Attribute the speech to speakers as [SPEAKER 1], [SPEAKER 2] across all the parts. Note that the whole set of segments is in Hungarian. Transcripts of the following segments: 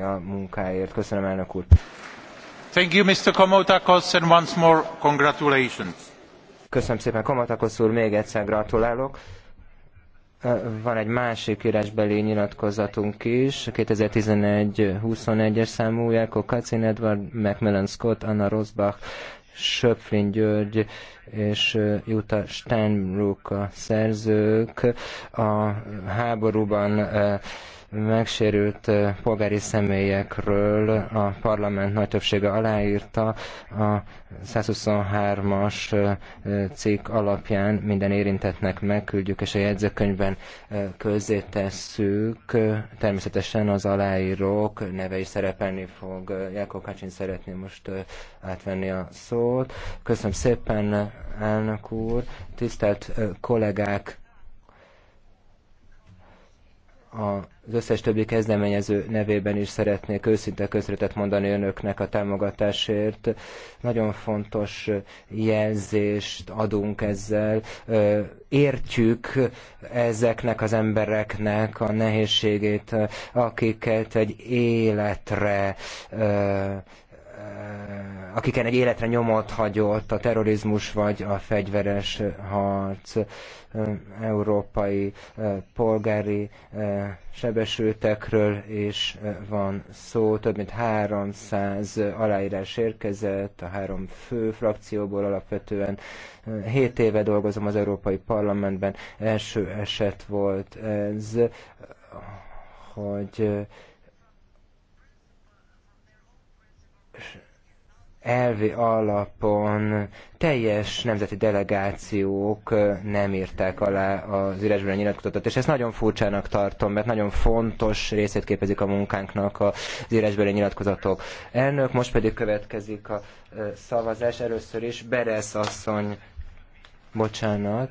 [SPEAKER 1] a munkáért. Köszönöm, elnök úr. Thank you, Mr. and once more congratulations. Köszönöm szépen, Komotakos úr, még egyszer gratulálok. Van egy másik írásbeli nyilatkozatunk is, 2011-21-es számú Jelko Kacin, Edward Macmillan Scott, Anna Rosbach, Söpflin György és Jutta Steinbrück a szerzők a háborúban megsérült polgári személyekről a parlament nagy többsége aláírta a 123-as cikk alapján minden érintetnek megküldjük, és a jegyzőkönyvben közzétesszük. Természetesen az aláírók neve is szerepelni fog. Jelko Kacsin szeretné most átvenni a szót. Köszönöm szépen, elnök úr. Tisztelt kollégák, az összes többi kezdeményező nevében is szeretnék őszinte közretet mondani önöknek a támogatásért. Nagyon fontos jelzést adunk ezzel. Értjük ezeknek az embereknek a nehézségét, akiket egy életre Eh, akiken egy életre nyomot hagyott a terrorizmus vagy a fegyveres harc, eh, európai eh, polgári sebesültekről is van szó. Több mint 300 aláírás érkezett a három fő frakcióból alapvetően. 7 éve dolgozom az Európai Parlamentben, első eset volt ez, hogy elvi alapon teljes nemzeti delegációk nem írták alá az a nyilatkozatot, és ezt nagyon furcsának tartom, mert nagyon fontos részét képezik a munkánknak az írásbeli nyilatkozatok. Elnök, most pedig következik a szavazás, először is Beresz asszony, bocsánat,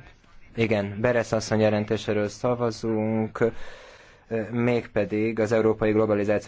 [SPEAKER 1] igen, Beresz asszony jelentéséről szavazunk, mégpedig az Európai globalizáció.